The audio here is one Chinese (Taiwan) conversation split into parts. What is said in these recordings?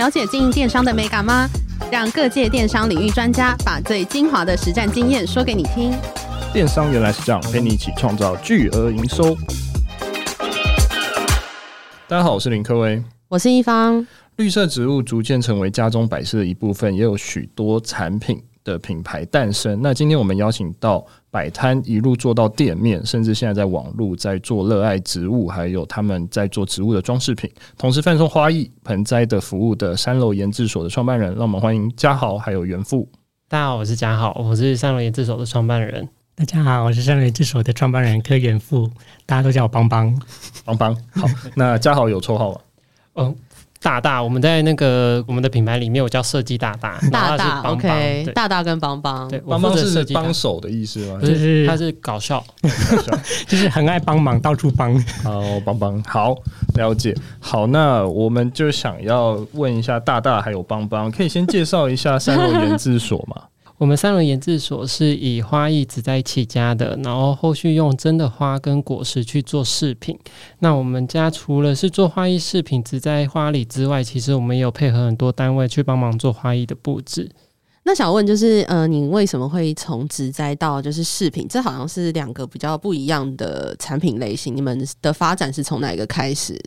了解經營電商的美感嗎？讓各界電商領域專家把最精華的實戰經驗說給你聽。電商原來是這樣，陪你一起創造巨額營收。大家好，我是林克威，我是一方。綠色植物逐漸成為家中擺設的一部分，也有許多產品。的品牌誕生。那今天我們邀請到擺攤一路做到店面，甚至現在在網絡在做熱愛植物，還有他們在做植物的裝飾品，同時販售花藝盆栽的服務的參樓研製所的創辦人，讓我們歡迎家豪還有元富。大家好，我是家豪，我是參樓研製所的創辦人。大家好，我是參樓研製所的創辦人柯元富，大家都叫我邦邦。邦邦，好。 那家豪有綽號嗎？嗯、oh.。大大，我們在那個我們的品牌裡面，我叫設計大大，棒棒大大 OK，大大跟幫幫。幫幫是幫手的意思嗎？就是他是搞笑， 就是很愛幫忙， 到處幫、哦，好幫幫，好，了解，好，那我們就想要問一下大大還有幫幫，可以先介紹一下參樓研製所嗎？ 我們參樓研製所是以花藝植栽起家的，然後後續用真的花跟果實去做飾品。那我們家除了是做花藝飾品、植栽花禮之外，其實我們也有配合很多單位去幫忙做花藝的布置。那想問就是，呃，你為什麼會從植栽到就是飾品？這好像是兩個比較不一樣的產品類型。你們的發展是從哪一個開始？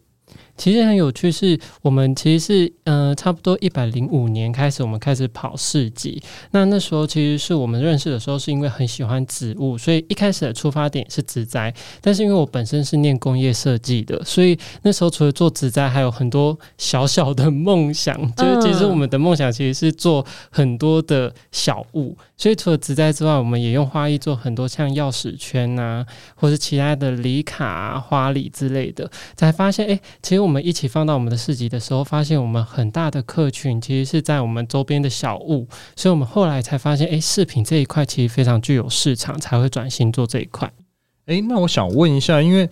其實很有趣是，是我們其實是呃，差不多一百零五年開始，我們開始跑市集。那那時候其實是我們認識的時候，是因為很喜歡植物，所以一開始的出發點是植栽。但是因為我本身是念工業設計的，所以那時候除了做植栽，還有很多小小的夢想。就是其實我們的夢想其實是做很多的小物。所以除了植栽之外，我們也用花藝做很多像鑰匙圈啊，或是其他的禮卡、啊、花禮之類的。才發現，哎、欸，其實我們一起放到我們的市集的時候，發現我們很大的客群其實是在我們周邊的小物。所以我們後來才發現，哎、欸，飾品這一塊其實非常具有市場，才會轉型做這一塊。哎、欸，那我想問一下，因為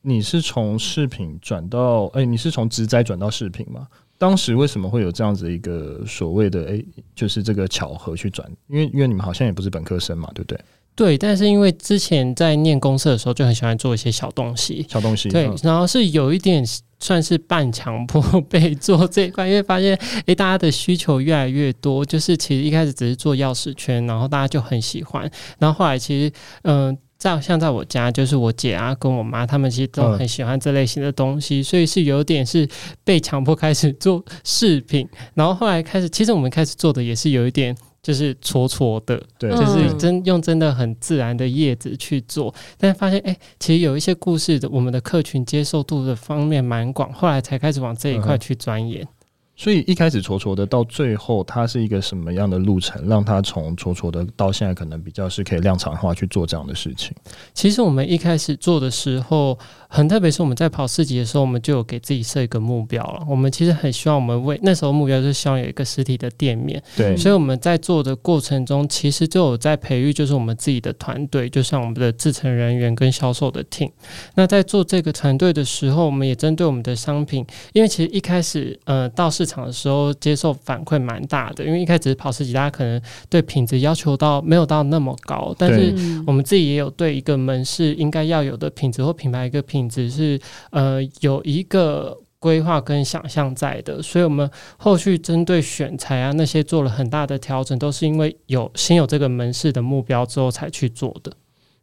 你是從飾品轉到，哎、欸，你是從植栽轉到飾品嗎？當時為什麼會有這樣子一個所謂的誒、欸，就是這個巧合去轉？因為因為你們好像也不是本科生嘛，對不對？對，但是因為之前在念公司的時候，就很喜歡做一些小東西，小東西。對，然後是有一點算是半強迫被做這一塊，因為發現誒、欸，大家的需求越來越多。就是其實一開始只是做鑰匙圈，然後大家就很喜歡，然後後來其實嗯。呃像在我家，就是我姐啊跟我媽，他們其實都很喜歡這類型的東西，嗯、所以是有點是被強迫開始做飾品，然後後來開始，其實我們開始做的也是有一點就是戳戳的，嗯、就是真用真的很自然的葉子去做，但發現誒、欸，其實有一些故事的，我們的客群接受度的方面蠻廣，後來才開始往這一塊去鑽研。嗯嗯所以一開始戳戳的，到最後它是一個什麼樣的路程，讓它從戳戳的到現在可能比較是可以量產化去做這樣的事情。其實我們一開始做的時候，很特別是我們在跑市集的時候，我們就有給自己設一個目標了。我們其實很希望我們為那時候目標就是希望有一個實體的店面。對，所以我們在做的過程中，其實就有在培育，就是我們自己的團隊，就像我們的製程人員跟銷售的 team。那在做這個團隊的時候，我們也針對我們的商品，因為其實一開始呃到市場場的時候接受反饋蠻大的，因為一開始跑市集，大家可能對品質要求到沒有到那麼高，但是我們自己也有對一個門市應該要有的品質或品牌一個品質是呃有一個規劃跟想象在的，所以我們後續針對選材啊那些做了很大的調整，都是因為有先有這個門市的目標之後才去做的。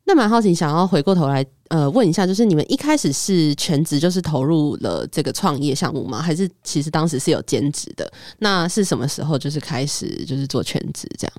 那蠻好奇，想要回過頭來呃問一下，就是你們一開始是全職，就是投入了這個創業項目嗎？還是其實當時是有兼職的？那是什麼時候，就是開始就是做全職這樣？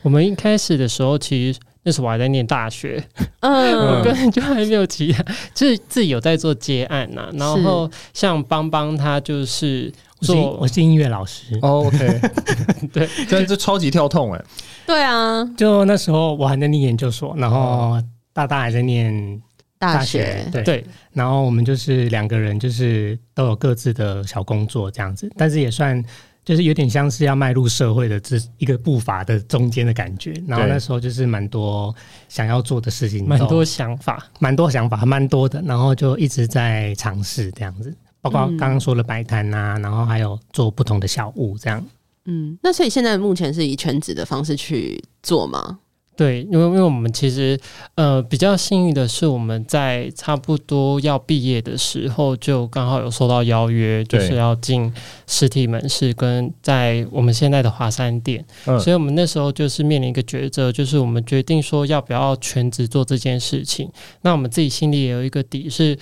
我們一開始的時候，其實那時候我還在念大學，嗯，我根本就還沒有提，就是自己有在做接案吶、啊。然後像邦邦，他，就是做我是音樂老師、哦，OK， 對，但是超級跳痛哎、欸。對啊，就那時候我還在念研究所，然後，大大還在念大學，大學對，對，然後我們就是兩個人，就是都有各自的小工作這樣子，但是也算就是有點像是要邁入社會的這一個步伐的中間的感覺。然後那時候就是蠻多想要做的事情，蠻多想法，蠻多想法，蠻多的。然後就一直在嘗試這樣子，包括剛剛說的擺攤啊、嗯，然後還有做不同的小物這樣。嗯，那所以現在目前是以全職的方式去做嗎？對，因為因為我們其實，呃，比較幸運的是，我們在差不多要畢業的時候，就剛好有收到邀約，就是要進實體門市，跟在我們現在的華山店。嗯、所以，我們那時候就是面臨一個抉擇，就是我們決定說要不要全職做這件事情。那我們自己心裡也有一個底，是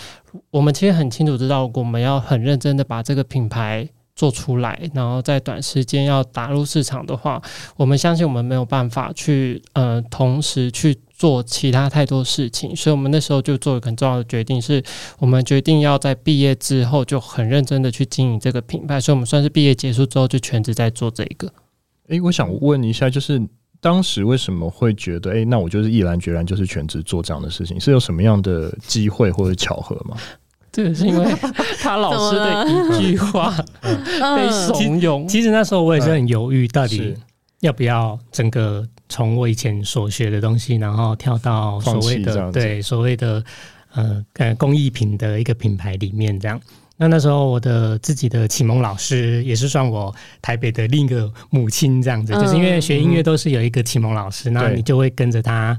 我們其實很清楚知道，我們要很認真的把這個品牌做出來，然後在短時間要打入市場的話，我們相信我們沒有辦法去呃同時去做其他太多事情，所以，我們那時候就做一個很重要的決定，是我們決定要在畢業之後就很認真的去經營這個品牌，所以我們算是畢業結束之後就全職在做這一個。誒、欸，我想問一下，就是當時為什麼會覺得哎、欸，那我就是毅然決然就是全職做這樣的事情，是有什麼樣的機會或者巧合嗎？這個是因為 他老師的一句話，嗯嗯，被慫恿。其實那時候我也是很猶豫，到底要不要整個從我以前所學的東西，然後跳到所謂的對所謂的呃呃工藝品的一個品牌裡面這樣。那那時候我的自己的啟蒙老師也是算我台北的另一個母親這樣子，嗯，就是因為學音樂都是有一個啟蒙老師，那，嗯、你就會跟着他。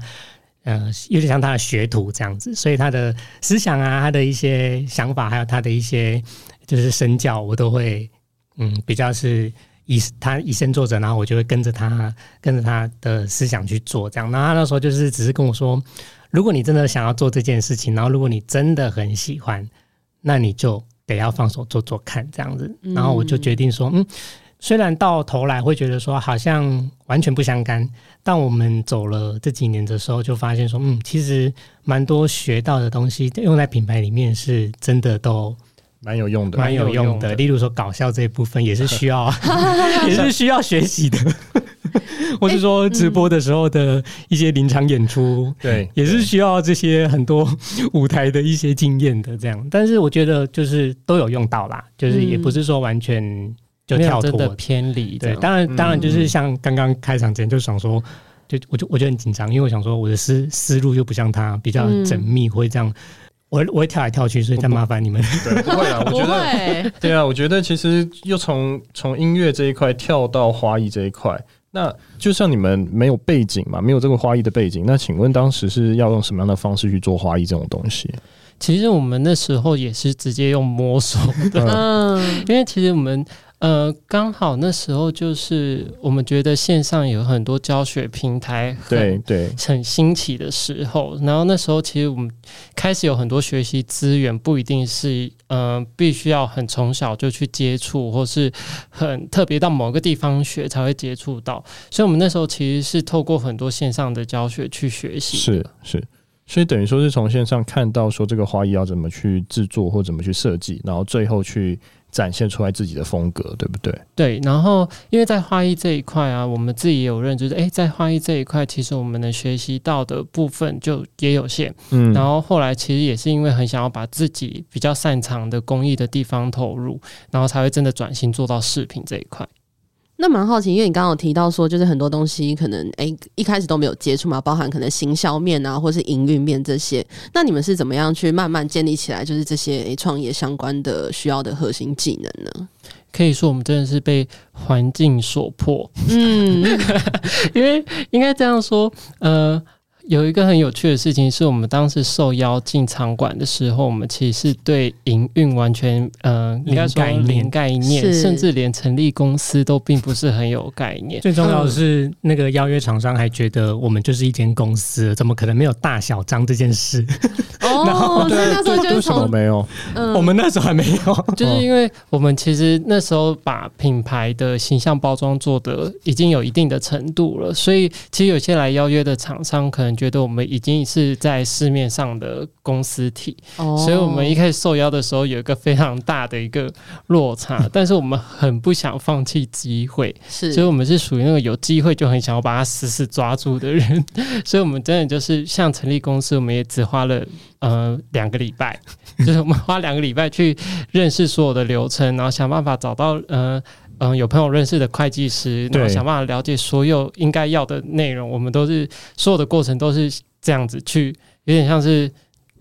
呃，有點像他的學徒這樣子，所以他的思想啊，他的一些想法，還有他的一些就是身教，我都會嗯比較是以他以身作則，然後我就會跟着他跟着他的思想去做這樣。然後他那時候就是只是跟我說，如果你真的想要做這件事情，然後如果你真的很喜歡，那你就得要放手做做看這樣子。然後我就決定說，嗯。雖然到頭來會覺得說好像完全不相干，但我們走了這幾年的時候，就發現說，嗯，其實蠻多學到的東西用在品牌裡面，是真的都蠻有用的，蠻有，有用的。例如說搞笑這一部分，也是需要， 也是需要學習的。 或是說直播的時候的一些臨場演出，對、欸嗯，也是需要這些很多舞台的一些經驗的。這樣，但是我覺得就是都有用到啦，就是也不是說完全。就跳的真的偏離，對，當然當然就是像剛剛開場之前就想說，嗯、就我就我就很緊張，因為我想說我的思思路就不像他比較縝密，嗯、會這樣我我會跳來跳去，所以再麻煩你們。 對，不會啊，我覺得 對啊，我覺得其實又從從音樂這一塊跳到花藝這一塊，那就像你們沒有背景嘛，沒有這個花藝的背景，那請問當時是要用什麼樣的方式去做花藝這種東西？其實我們那時候也是直接用摸索的、啊，嗯， 因為其實我們。呃，剛好那時候就是我們覺得線上有很多教學平台很，對對，很新奇的時候。然後那時候其實我們開始有很多學習資源，不一定是嗯、呃，必須要很從小就去接觸，或是很特別到某個地方學才會接觸到。所以，我們那時候其實是透過很多線上的教學去學習。是是，所以等於說是從線上看到說這個花藝要怎麼去製作，或怎麼去設計，然後最後去。展現出來自己的風格，對不對？對，然後因為在花藝這一塊啊，我們自己也有認知，誒、欸，在花藝這一塊，其實我們能學習到的部分就也有限。嗯，然後後來其實也是因為很想要把自己比較擅長的工藝的地方投入，然後才會真的轉型做到飾品這一塊。那蠻好奇，因為你剛剛有提到說，就是很多東西可能誒、欸、一開始都沒有接觸嘛，包含可能行銷面啊，或是營運面這些，那你們是怎麼樣去慢慢建立起來，就是這些欸、創業相關的需要的核心技能呢？可以說我們真的是被環境所迫，嗯， 因為應該這樣說，呃。有一個很有趣的事情，是我們當時受邀進場館的時候，我們其實對營運完全，嗯、呃，應該說零概念、零概念，甚至連成立公司都並不是很有概念。最重要的是，那個邀約廠商還覺得我們就是一間公司、嗯，怎麼可能沒有大小張這件事？哦、 然後們那時候就為什麼沒有、嗯，我們那時候還沒有，就是因為我們其實那時候把品牌的形象包裝做的已經有一定的程度了、哦，所以其實有些來邀約的廠商可能。覺得我們已經是在市面上的公司體，Oh. 所以，我們一開始受邀的時候有一個非常大的一個落差， 但是我們很不想放棄機會，是，所以我們是屬於那種有機會就很想要把它死死抓住的人， 所以我們真的就是像成立公司，我們也只花了呃兩個禮拜，就是我們花兩個禮拜去認識所有的流程，然後想辦法找到呃。嗯，有朋友認識的會計師，然後想辦法了解所有應該要的內容。我們都是所有的過程都是這樣子去，有點像是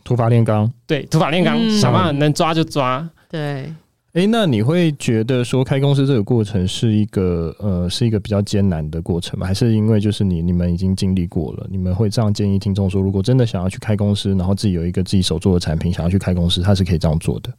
土法煉鋼。對，土法煉鋼，想辦法能抓就抓。對。誒，那你會覺得說，開公司這個過程是一個呃是一個比較艱難的過程嗎？還是因為就是你你們已經經歷過了，你們會這樣建議聽眾說，如果真的想要去開公司，然後自己有一個自己手作的產品，想要去開公司，他是可以這樣做的。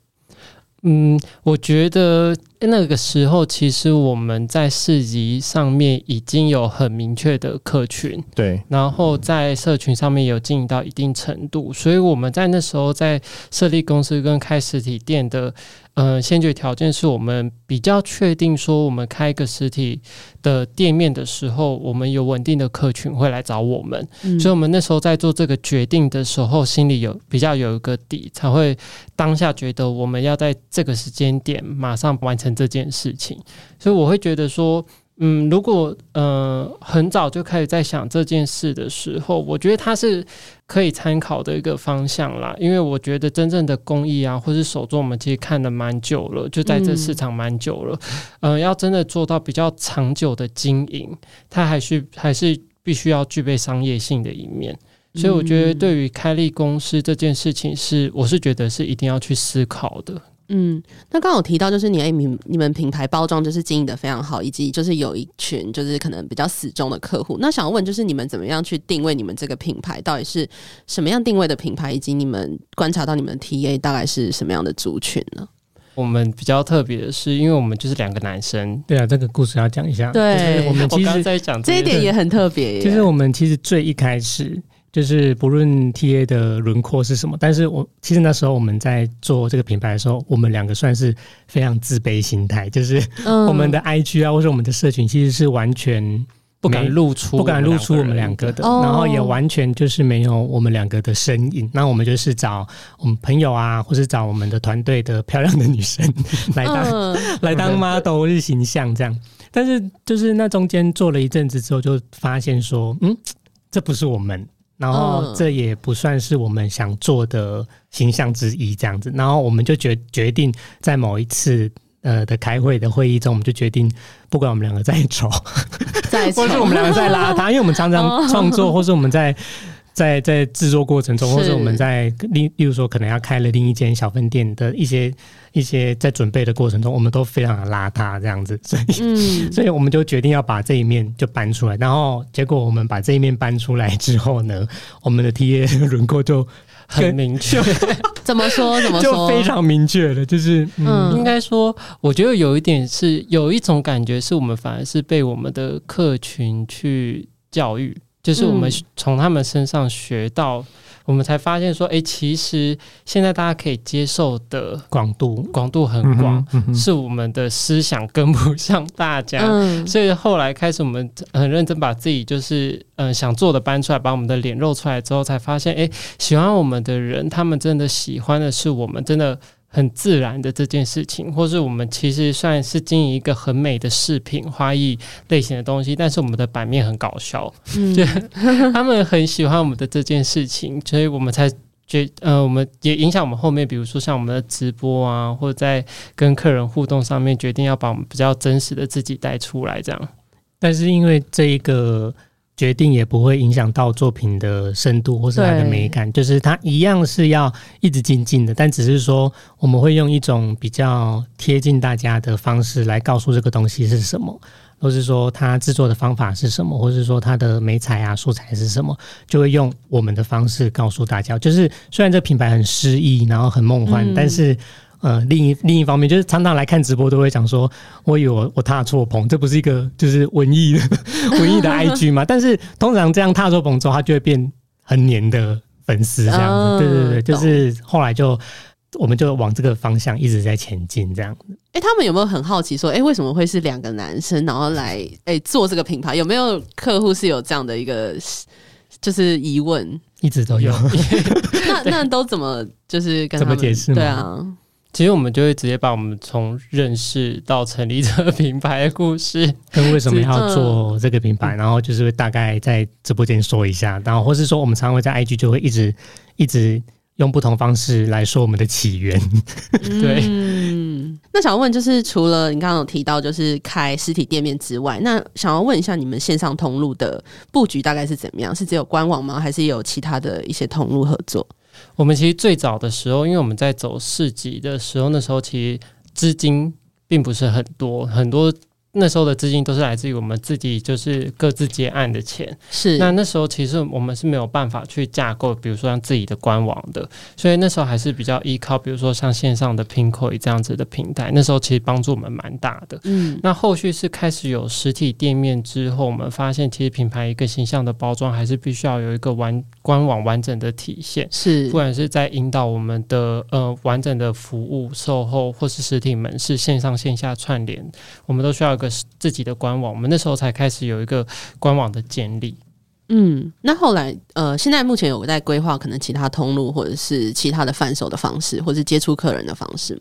嗯，我覺得那個時候其實我們在市集上面已經有很明確的客群，對，然後在社群上面有進到一定程度，所以我們在那時候在設立公司跟開實體店的。呃，先決條件是我們比較確定說，我們開一個實體的店面的時候，我們有穩定的客群會來找我們，嗯，所以我們那時候在做這個決定的時候，心裡有比較有一個底，才會當下覺得我們要在這個時間點馬上完成這件事情，所以我會覺得說。嗯，如果呃很早就開始在想這件事的時候，我覺得它是可以參考的一個方向啦。因為我覺得真正的工藝啊，或是手作，我們其實看了蠻久了，就在這市場蠻久了。嗯、呃，要真的做到比較長久的經營，它還是還是必須要具備商業性的一面。所以，我覺得對於開立公司這件事情是，是我是覺得是一定要去思考的。嗯，那剛剛有提到，就是你，你你們品牌包裝就是經營得非常好，以及就是有一群就是可能比較死忠的客戶。那想問，就是你們怎麼樣去定位你們這個品牌？到底是什麼樣定位的品牌？以及你們觀察到你們 TA 大概是什麼樣的族群呢？我們比較特別的是，因為我們就是兩個男生。對啊，這個故事要講一下。對，就是我們其實剛剛在講，這一點也很特別。就是我們其實最一開始。就是不論 TA 的輪廓是什麼，但是我其實那時候我們在做這個品牌的時候，我們兩個算是非常自卑心態，就是我們的 IG 啊，嗯、或是我們的社群，其實是完全不敢露出，不敢露出我們兩個的，然後也完全就是沒有我們兩個的身影。那、哦、我們就是找我們朋友啊，或是找我們的團隊的漂亮的女生來當、嗯、來當 model 形象這樣。但是就是那中間做了一陣子之後，就發現說，嗯，這不是我們。然後這也不算是我們想做的形象之一，這樣子。然後我們就決決定在某一次呃的開會的會議中，我們就決定不管我們兩個在醜，再醜或者是我們兩個在邋遢， 因為我們常常創作， 或是我們在。在在製作過程中，或者我們在例例如說，可能要開了另一間小分店的一些一些在準備的過程中，我們都非常的邋遢這樣子，所以、嗯、所以我們就決定要把這一面就搬出來。然後結果我們把這一面搬出來之後呢，我們的 T A 輪廓就很，很明確 怎麼說怎麼說，就非常明確的，就是嗯，嗯，應該說，我覺得有一點是有一種感覺，是我們反而是被我們的客群去教育。就是我們從他們身上學到、嗯，我們才發現說，誒、欸，其實現在大家可以接受的廣度，廣度很廣、嗯嗯，是我們的思想跟不上大家。嗯、所以後來開始，我們很認真把自己就是嗯、呃、想做的搬出來，把我們的臉露出來之後，才發現，誒、欸，喜歡我們的人，他們真的喜歡的是我們真的。很自然的這件事情，或是我們其實算是經營一個很美的飾品花藝類型的東西，但是我們的版面很搞笑，嗯、 就他們很喜歡我們的這件事情，所以我們才覺呃，我們也影響我們後面，比如說像我們的直播啊，或者在跟客人互動上面，決定要把我們比較真實的自己帶出來這樣。但是因為這一個。決定也不會影響到作品的深度或是它的美感，就是它一樣是要一直精進的，但只是說我們會用一種比較貼近大家的方式來告訴這個東西是什麼，或是說它制作的方法是什麼，或是說它的媒材啊素材是什麼，就會用我們的方式告訴大家。就是雖然這個品牌很詩意，然後很夢幻、嗯，但是。呃，另一、另一方面就是常常來看直播都會講說，我以為我我踏錯棚，這不是一個就是文藝的、文藝的 IG 嘛？ 但是通常這樣踏錯棚之後，他就會變很黏的粉絲這樣子，嗯。對對對，就是後來就我們就往這個方向一直在前進這樣子。哎、欸，他們有沒有很好奇說，哎、欸，為什麼會是兩個男生然後來哎、欸、做這個品牌？有沒有客戶是有這樣的一個就是疑問？一直都有。 那、那都怎麼就是跟怎麼解釋？對啊。其實我們就會直接把我們從認識到成立這個品牌的故事，跟為什麼要做這個品牌，然後就是大概在直播間說一下，然後或是說我們常常會在 IG 就會一直、嗯、一直用不同方式來說我們的起源。嗯、 對，那想問就是除了你剛剛有提到就是開實體店面之外，那想要問一下你們線上通路的布局大概是怎麼樣？是只有官網嗎？還是有其他的一些通路合作？我們其實最早的時候，因為我們在走市集的時候，那時候其實資金並不是很多，很多。那時候的資金都是來自於我們自己，就是各自接案的錢。是，那那時候其實我們是沒有辦法去架構，比如說像自己的官網的，所以那時候還是比較依靠，比如說像線上的拼 i 這樣子的平台。那時候其實幫助我們蠻大的。嗯，那後續是開始有實體店面之後，我們發現其實品牌一個形象的包裝還是必須要有一個完官網完整的體現。是，不管是在引導我們的呃完整的服務售後，或是實體門市線上線下串聯，我們都需要。自己的官網，我們那時候才開始有一個官網的建立。嗯，那後來呃，現在目前有在規劃可能其他通路或者是其他的販售的方式，或是接觸客人的方式嗎？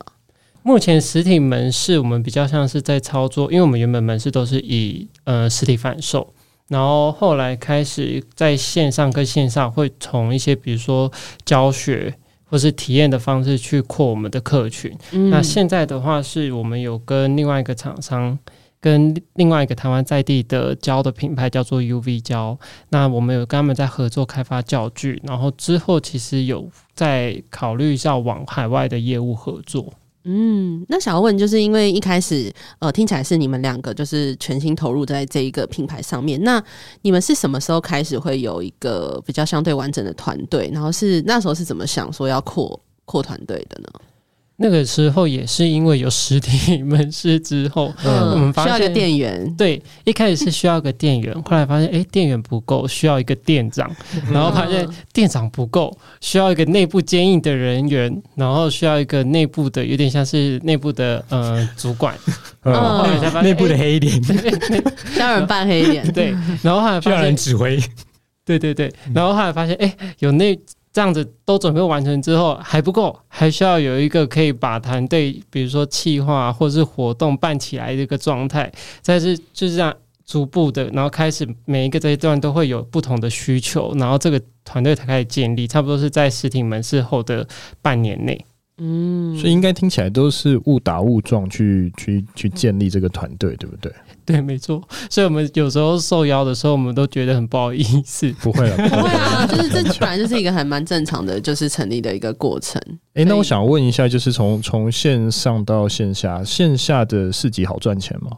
目前實體門市我們比較像是在操作，因為我們原本門市都是以呃實體販售，然後後來開始在線上跟線上會從一些比如說教學或是體驗的方式去擴我們的客群。嗯，那現在的話，是我們有跟另外一個廠商。跟另外一個台灣在地的膠的品牌叫做 UV 膠，那我們有跟他們在合作開發教具，然後之後其實有在考慮一下往海外的業務合作。嗯,那想要問就是因為一開始呃聽起來是你們兩個就是全心投入在這一個品牌上面，那你們是什麼時候開始會有一個比較相對完整的團隊？然後是那時候是怎麼想說要擴擴團隊的呢？那個時候也是因為有實體門市之後嗯，嗯，我們需要一個店員。對，一開始是需要個店員、嗯，後來發現哎，店、欸、員不夠，需要一個店長。然後發現、嗯、店長不夠，需要一個內部堅硬的人員，然後需要一個內部的有點像是內部的呃主管。嗯，後來發現內、哦欸、部的黑臉，讓人扮黑臉。對 然然，然後後來需要人指揮。對對對，然後後來發現哎、欸，有內。這樣子都準備完成之後還不夠，還需要有一個可以把團隊，比如說企劃啊，或者是活動辦起來的一個狀態。但是就是這樣逐步的，然後開始每一個這一段都會有不同的需求，然後這個團隊才開始建立，差不多是在實體門市後的半年內。嗯，所以應該聽起來都是誤打誤撞去去去建立這個團隊，對不對？對，沒錯。所以我們有時候受邀的時候，我們都覺得很不好意思。不會了，不會啊， 就是這本來就是一個還蠻正常的就是成立的一個過程。哎、欸，那我想問一下，就是從從線上到線下，線下的市集好賺錢嗎？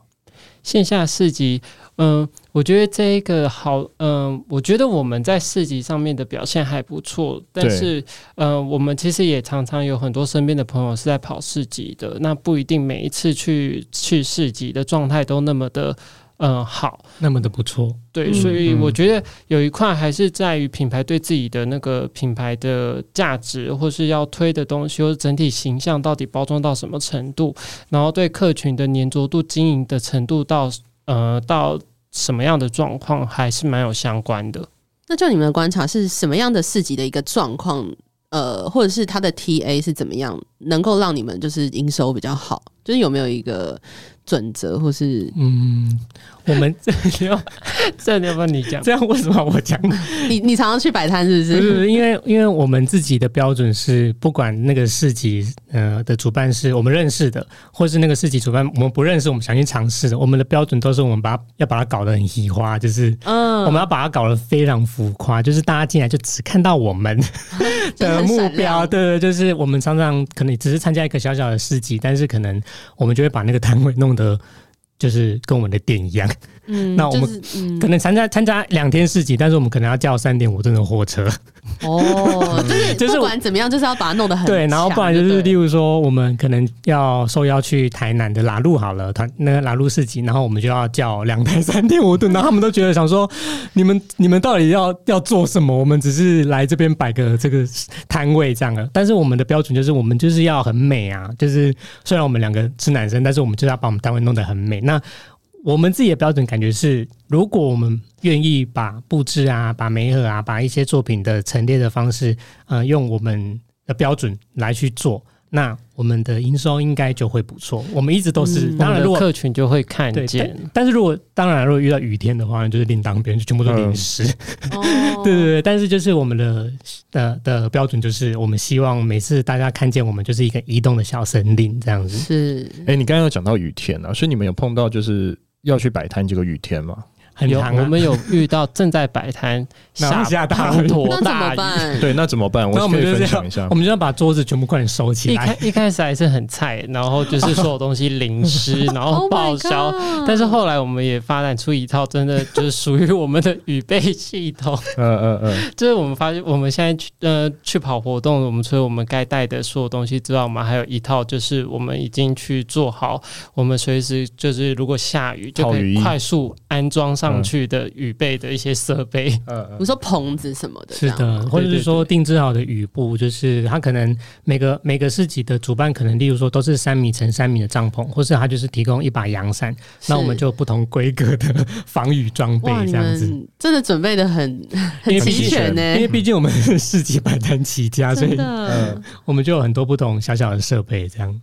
線下市集。嗯。呃我覺得這一個好，嗯、呃，我覺得我們在市集上面的表現還不錯，但是，嗯、呃，我們其實也常常有很多身邊的朋友是在跑市集的，那不一定每一次去去市集的狀態都那麼的，嗯、呃，好，那麼的不錯，對，所以我覺得有一塊還是在於品牌對自己的那個品牌的價值，或是要推的東西，或整體形象到底包裝到什麼程度，然後對客群的黏着度經營的程度到，呃，到。什麼樣的狀況還是蠻有相關的。那就你們的觀察是什麼樣的市集的一個狀況，呃，或者是它的 TA 是怎麼樣，能夠讓你們就是營收比較好？就是有沒有一個準則，或是嗯，我們這 這要不然你講， 這樣為什麼我講？ 你你常常去擺攤是不是？不是因為因為我們自己的標準是不管那個市集。呃的主辦是我們認識的，或是那個市集主辦我們不認識，我們想去嘗試的。我們的標準都是我們把要把它搞得很奇花，就是嗯，我們要把它搞得非常浮誇，就是大家進來就只看到我們的、啊就是呃、目標，對就是我們常常可能只是參加一個小小的市集，但是可能我們就會把那個攤位弄得。就是跟我們的店一樣，嗯，那我們可能參加參、就是嗯、加兩天市集，但是我們可能要叫三點五噸的貨車哦， 就是不管怎麼樣，就是要把它弄得很對，對。然後不然就是例如說，我們可能要受邀去台南的拉路好了，他那個拉路市集，然後我們就要叫兩台三點五噸。然後他們都覺得想說，你們你們到底要要做什麼？我們只是來這邊擺個這個攤位這樣的。但是我們的標準就是，我們就是要很美啊！就是雖然我們兩個是男生，但是我們就是要把我們單位弄得很美。那我們自己的標準感覺是，如果我們願意把布置啊、把美和啊、把一些作品的陳列的方式，呃，用我們的標準來去做。那我們的營收應該就會不錯。我們一直都是，嗯、當然，如果客群就會看見。但，但是，如果當然，如果遇到雨天的話，就是另當別論，就全部都淋濕。哦、嗯， 對對對。但是，就是我們的、呃、的標準，就是我們希望每次大家看見我們，就是一個移動的小森林這樣子。是。哎、欸，你剛剛有講到雨天啊，所以你們有碰到就是要去擺攤這個雨天嗎？很、啊，我們有遇到正在擺攤 下， 下大坨大雨，對，那怎麼辦？那我們就分享一下我，我們就要把桌子全部快點收起來。一一開始還是很菜，然後就是所有東西淋濕， 然後報銷、oh。但是後來我們也發展出一套真的就是屬於我們的雨備系統。嗯嗯嗯，就是我們發現我們現在去呃去跑活動，我們除了我們該帶的所有東西之外，我們還有一套，就是我們已經去做好，我們隨時就是如果下雨就可以快速安裝上。上去的雨備的一些設備，比如說、嗯、棚子什麼的，是的，或者是說定製好的雨布，對對對對，就是它可能每個每個市集的主辦可能，例如說都是三米乘三米的帳篷，或是它就是提供一把陽傘，那我們就不同規格的防雨裝備這樣子，真的準備得很很齊全呢，因為畢竟我們市集擺攤起家、嗯，所以嗯，我們就有很多不同小小的設備這樣。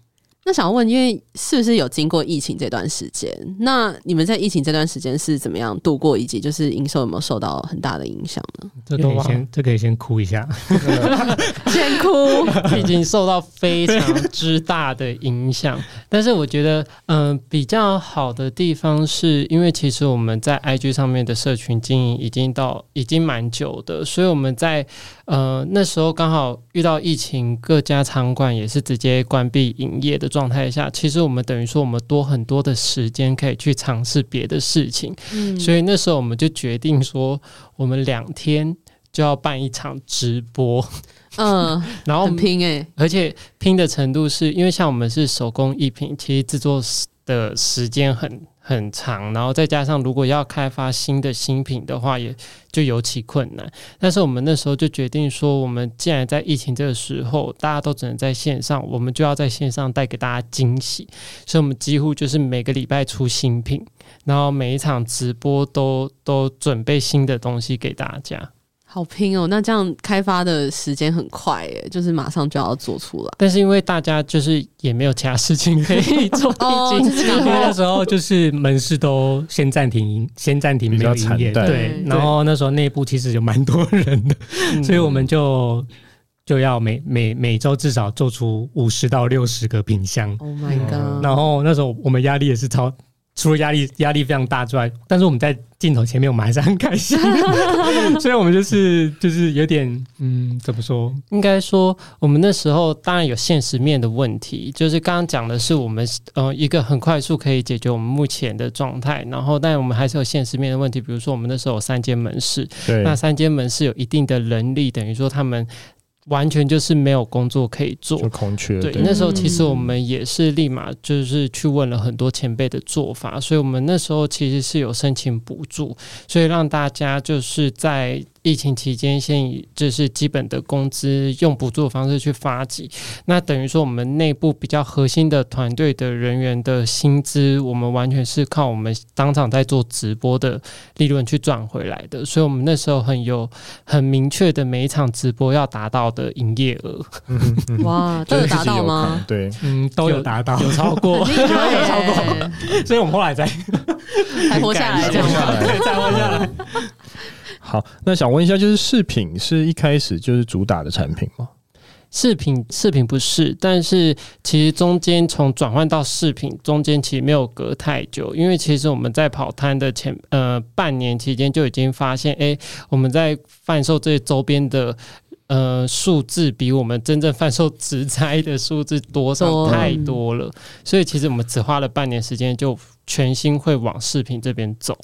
那想要問，因為是不是有經過疫情這段時間？那你們在疫情這段時間是怎麼樣度過？以及就是營收有沒有受到很大的影響呢？這可以先，這可以先哭一下。 艱苦，已經受到非常之大的影響。但是我覺得，嗯、呃，比較好的地方是因為其實我們在 IG 上面的社群經營已經到已經蠻久的，所以我們在呃那時候剛好遇到疫情，各家場館也是直接關閉營業的狀態下，其實我們等於說我們多很多的時間可以去嘗試別的事情。嗯、所以那時候我們就決定說，我們兩天就要辦一場直播。嗯， 然後拼誒，而且拼的程度是因為像我們是手工藝品，其實制作時的時間很很長，然後再加上如果要開發新的新品的話，也就尤其困難。但是我們那時候就決定說，我們既然在疫情這個時候，大家都只能在線上，我們就要在線上帶給大家驚喜。所以，我們幾乎就是每個禮拜出新品，然後每一場直播都都準備新的東西給大家。好拼哦！那這樣開發的時間很快耶，就是馬上就要做出來。但是因為大家就是也沒有其他事情可以做、 哦，因為那時候就是門市都先暫停， 先暫停沒有營業對。對，然後那時候內部其實有蠻多人的，所以我們就就要每每每周至少做出五十到六十個冰箱。Oh my god！然後那時候我們壓力也是超。除了壓力壓力非常大之外，但是我們在鏡頭前面，我們還是很開心。 所以，我們就是就是有點嗯，怎麼說？應該說，我們那時候當然有現實面的問題，就是剛剛講的是我們呃一個很快速可以解決我們目前的狀態。然後，但我們還是有現實面的問題，比如說我們那時候有三間門市，對，那三間門市有一定的人力，等於說他們。完全就是沒有工作可以做，就空缺，對。對，那時候其實我們也是立馬就是去問了很多前輩的做法，所以我們那時候其實是有申請補助，所以讓大家就是在。疫情期間，先以就是基本的工資用補助的方式去發給，那等於說，我們內部比較核心的團隊的人員的薪資，我們完全是靠我們當場在做直播的利潤去賺回來的，所以，我們那時候很有很明確的每一場直播要達到的營業額。哇、嗯，都、嗯就是、有達到嗎？對，嗯，都有達到有，有超過、欸，有超過，所以我們後來再還活下來，這樣吧，再活下來。 好，那想問一下，就是飾品是一開始就是主打的產品嗎？飾品，飾品不是，但是其實中間從轉換到飾品中間其實沒有隔太久，因為其實我們在跑攤的前呃半年期間就已經發現，哎、欸，我們在販售這些周邊的呃數字比我們真正販售植栽的數字多上太多了，嗯，所以其實我們只花了半年時間就全心會往飾品這邊走。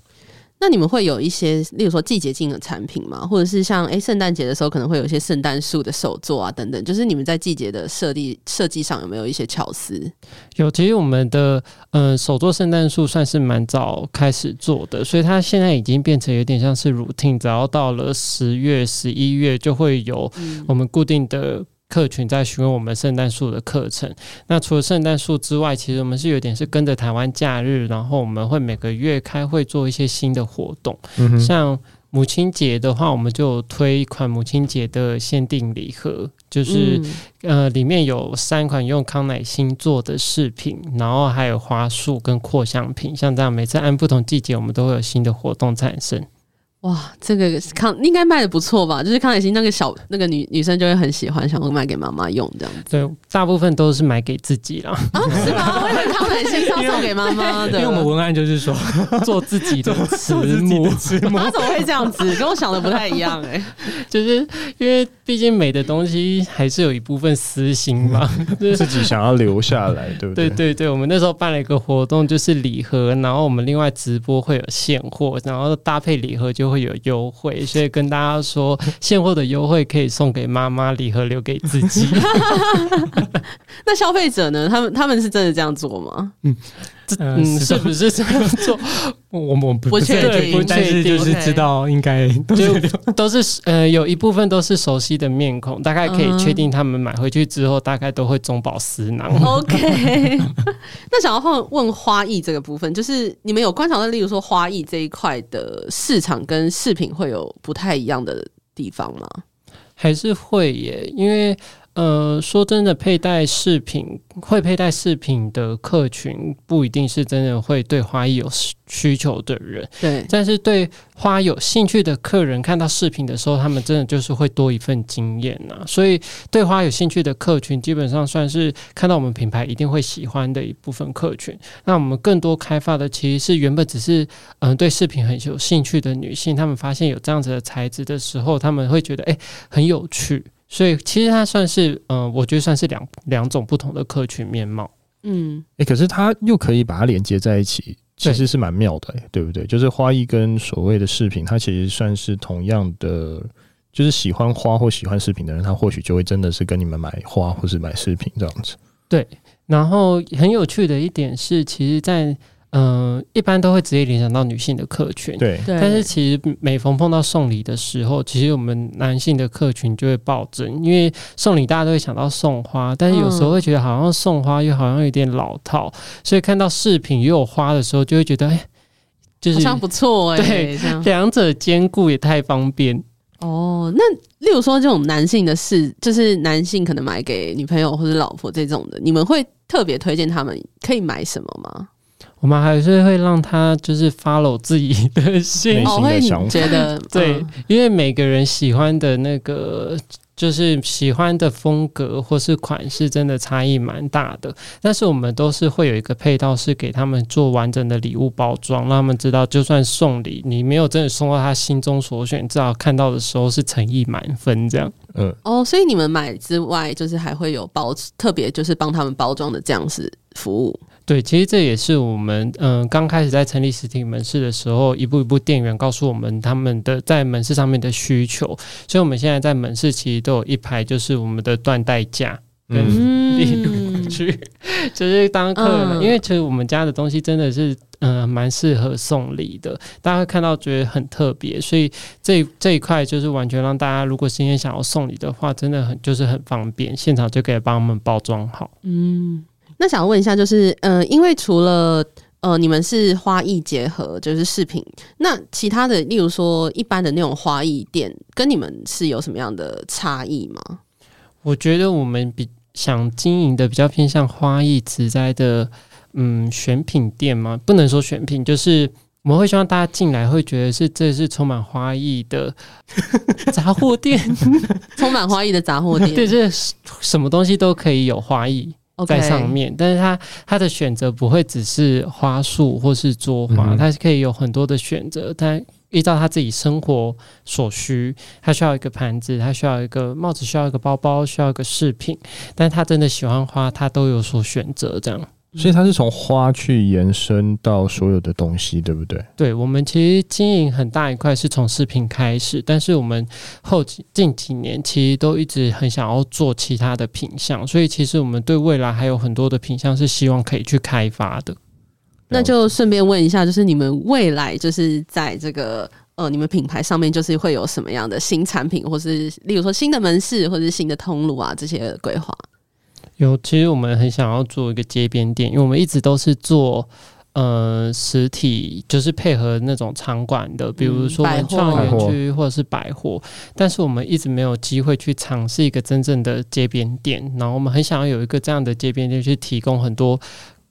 那你們會有一些，例如說季節性的產品嗎？或者是像誒聖誕節的時候可能會有一些聖誕樹的手作啊等等，就是你們在季節的設立設計上有沒有一些巧思？有，其實我們的嗯、呃、手作聖誕樹算是蠻早開始做的，所以它現在已經變成有點像是 routine，只要到了十月、十一月就會有我們固定的。客群在詢問我們聖誕樹的課程。那除了聖誕樹之外，其實我們是有點是跟着台灣假日，然後我們會每個月開會做一些新的活動。嗯、像母親節的話，我們就推一款母親節的限定禮盒，就是、嗯、呃，裡面有三款用康乃馨做的飾品，然後還有花束跟擴香品，像這樣每次按不同季節，我們都會有新的活動產生。哇，這個康應該賣得不錯吧？就是康乃馨那個小那個女女生，就會很喜歡，想買給媽媽用這樣子。對，大部分都是買給自己啦。啊、是嗎？ 我以為康乃馨要送給媽媽的因。因為我們文案就是說做自己的慈母。慈，他怎麼會這樣子？跟我想的不太一樣哎、欸。 就是因為畢竟美的東西還是有一部分私心嘛，嗯、就是、自己想要留下來， 對不對？對對對，我們那時候辦了一個活動，就是禮盒，然後我們另外直播會有現貨，然後搭配禮盒就。會有優惠，所以跟大家說，現貨的優惠可以送給媽媽，禮盒留給自己。 那消費者呢？他們他們是真的這樣做嗎？嗯。嗯，是不是這樣做？我 們不確定，定，但是就是知道應該、Okay. 就都是呃，有一部分都是熟悉的面孔，大概可以確定他們買回去之後，大概都會中飽私囊。Uh -huh. OK，那想要問問花藝這個部分，就是你們有觀察到，例如說花藝這一塊的市場跟飾品會有不太一樣的地方嗎？還是會耶，因為。呃，說真的，佩戴飾品會佩戴飾品的客群不一定是真的會對花藝有需求的人，對。但是對花有興趣的客人看到飾品的時候，他們真的就是會多一份驚艷吶。所以對花有興趣的客群，基本上算是看到我們品牌一定會喜歡的一部分客群。那我們更多開發的其實是原本只是嗯、呃、對飾品很有興趣的女性，他們發現有這樣子的材質的時候，他們會覺得哎、欸、很有趣。所以其實它算是，嗯、呃，我覺得算是兩兩種不同的客群面貌，嗯，誒、欸，可是它又可以把它連接在一起，其實是蠻妙的、欸，對，對不對？就是花藝跟所謂的飾品，它其實算是同樣的，就是喜歡花或喜歡飾品的人，他或許就會真的是跟你們買花或是買飾品這樣子。對，然後很有趣的一點是，其實，在嗯，一般都會直接聯想到女性的客群，對。但是其實每逢碰到送禮的時候，其實我們男性的客群就會暴增，因為送禮大家都會想到送花，但是有時候會覺得好像送花又好像有點老套，嗯、所以看到飾品又有花的時候，就會覺得哎、欸，就是好像不錯哎、欸，對，這樣兩者兼顧也太方便哦。那例如說這種男性的飾，就是男性可能買給女朋友或者老婆這種的，你們會特別推薦他們可以買什麼嗎？我們還是會讓他就是 follow 自己的心，心的想法，哦，覺得 對，嗯、因為每個人喜歡的那個就是喜歡的風格或是款式真的差異蠻大的，但是我們都是會有一個配套，是給他們做完整的禮物包裝，讓他們知道，就算送禮你沒有真的送到他心中所選，至少看到的時候是誠意滿分這樣。嗯，哦，所以你們買之外，就是還會有包特別就是幫他們包裝的這樣子服務。對，其實這也是我們嗯剛、呃、開始在成立實體門市的時候，一步一步店員告訴我們他們的在門市上面的需求，所以我們現在在門市其實都有一排就是我們的緞帶架跟禮物，就是當客人、嗯、因為其實我們家的東西真的是嗯蠻適合送禮的，大家會看到覺得很特別，所以這一這一塊就是完全讓大家如果今天想要送禮的話，真的很就是很方便，現場就可以幫我們包裝好，嗯。那想問一下，就是，嗯、呃，因為除了，呃，你們是花藝結合，就是飾品，那其他的，例如說一般的那種花藝店，跟你們是有什麼樣的差異嗎？我覺得我們比想經營的比較偏向花藝植栽的，嗯，選品店嘛，不能說選品，就是我們會希望大家進來會覺得是這是充滿花藝的， 雜貨店 的雜貨店，充滿花藝的雜貨店，對，這、就是、什麼東西都可以有花藝。在上面，okay、但是他他的選擇不會只是花束或是桌花，嗯、他是可以有很多的選擇。但依照他自己生活所需，他需要一個盤子，他需要一個帽子，需要一個包包，需要一個飾品。但他真的喜歡花，他都有所選擇，這樣。所以它是從花去延伸到所有的東西，對不對？對，我們其實經營很大一塊是從飾品開始，但是我們後幾近幾年其實都一直很想要做其他的品項，所以其實我們對未來還有很多的品項是希望可以去開發的。那就順便問一下，就是你們未來就是在這個呃，你們品牌上面就是會有什麼樣的新產品，或是例如說新的門市，或者是新的通路啊這些規劃？有，其實我們很想要做一個街邊店，因為我們一直都是做呃實體，就是配合那種場館的，比如說創意園區或者是百貨，但是我們一直沒有機會去嘗試一個真正的街邊店，然後我們很想要有一個這樣的街邊店去提供很多。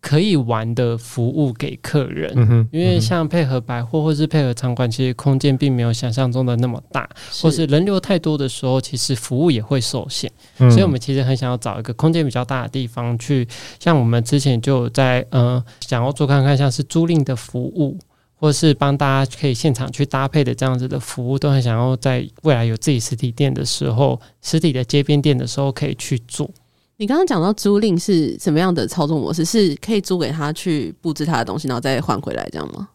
可以玩的服務給客人，嗯嗯、因為像配合百貨或是配合場館，其實空間並沒有想象中的那麼大，或是人流太多的時候，其實服務也會受限。嗯、所以，我們其實很想要找一個空間比較大的地方去，像我們之前就有在嗯、呃，想要做看看像是租賃的服務，或是幫大家可以現場去搭配的這樣子的服務，都很想要在未來有自己實體店的時候，實體的街邊店的時候可以去做。你剛剛講到租賃，是什麼樣的操作模式？是可以租給他去布置他的東西，然後再還回來這樣嗎？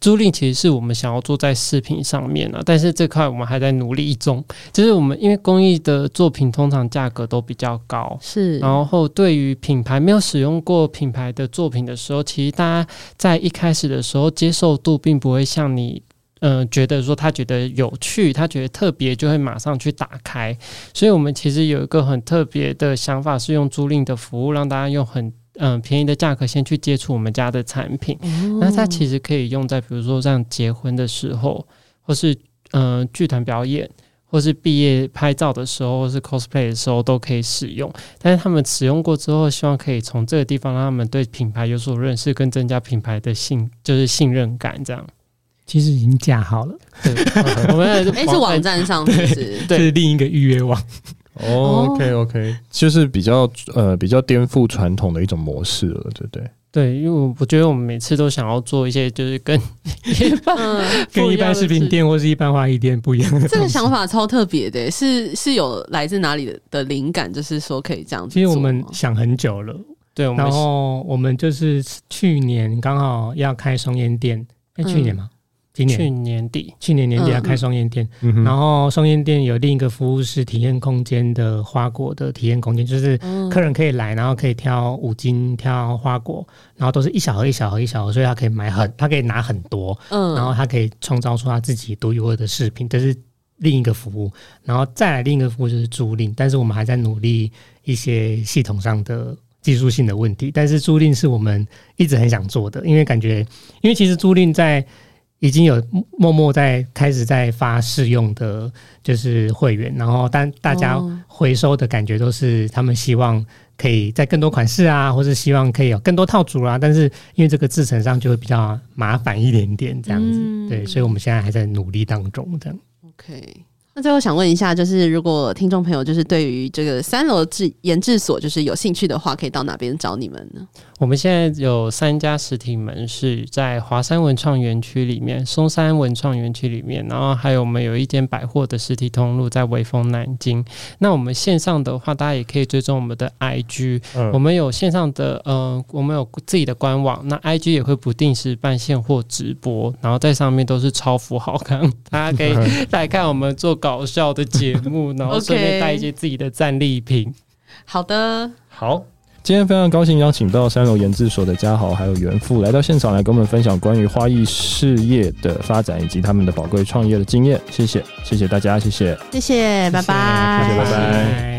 租賃其實是我們想要做在飾品上面啊，但是這塊我們還在努力中。就是我們因為花藝的作品通常價格都比較高，是然後對於品牌沒有使用過品牌的作品的時候，其實大家在一開始的時候接受度並不會像你。嗯、呃，覺得說他覺得有趣，他覺得特別，就會馬上去打開。所以，我們其實有一個很特別的想法，是用租賃的服務讓大家用很嗯、呃、便宜的價格先去接觸我們家的產品。嗯、那它其實可以用在比如說像結婚的時候，或是嗯劇團表演，或是畢業拍照的時候，或是 cosplay 的時候都可以使用。但是他們使用過之後，希望可以從這個地方讓他們對品牌有所認識，跟增加品牌的信就是信任感這樣。其實已經架好了。對、 嗯，我們哎、欸、是網站上不是，是是另一個預約網。OK OK，就是比較呃、比較顛覆傳統的一種模式了，對不對？對，因為我我覺得我們每次都想要做一些就是跟一般、嗯、 跟一般飾品店或是一般花藝店不一樣的。這個想法超特別的，是是有來自哪裡的靈感？就是說可以這樣子做。其實我們想很久了，對。我們然後我們就是去年剛好要開松菸店，哎、欸，去年嗎？嗯去年去年底，去年年底要開雙燕店，嗯、然後雙燕店有另一個服務是體驗空間的花果的體驗空間，就是客人可以來，然後可以挑五金、挑花果，然後都是一小盒、一小盒、一小盒，所以他可以買很，他可以拿很多，嗯，然後他可以創造出他自己獨一無二的飾品，這、就是另一個服務，然後再來另一個服務就是租賃，但是我們還在努力一些系統上的技術性的問題，但是租賃是我們一直很想做的，因為感覺，因為其實租賃在。已經有默默在開始在發試用的，就是會員，然後但大家回收的感覺都是他們希望可以再更多款式啊、哦，或是希望可以有更多套組啊，但是因為這個製程上就會比較麻煩一點點這樣子、嗯，對，所以我們現在還在努力當中，這樣。OK，那最後想問一下，就是如果聽眾朋友就是對於這個參樓研製所就是有興趣的話，可以到哪邊找你們呢？我們現在有三家實體門市，在華山文創園區裡面、松山文創園區裡面，然後還有我們有一間百貨的實體通路在微風南京。那我們線上的話，大家也可以追蹤我們的 IG，、嗯、我們有線上的，嗯、呃，我們有自己的官網。那 IG 也會不定時辦現貨直播，然後在上面都是超富豪看，大家可以來看我們做搞笑的節目， 然後順便帶一些自己的戰利品。好的，好。今天非常高興邀請到參樓研製所的家豪還有元富來到現場，來跟我們分享關於花藝事業的發展以及他們的寶貴創業的經驗，謝謝，謝謝大家謝謝，謝謝，謝謝，拜拜，謝謝，拜拜。謝謝。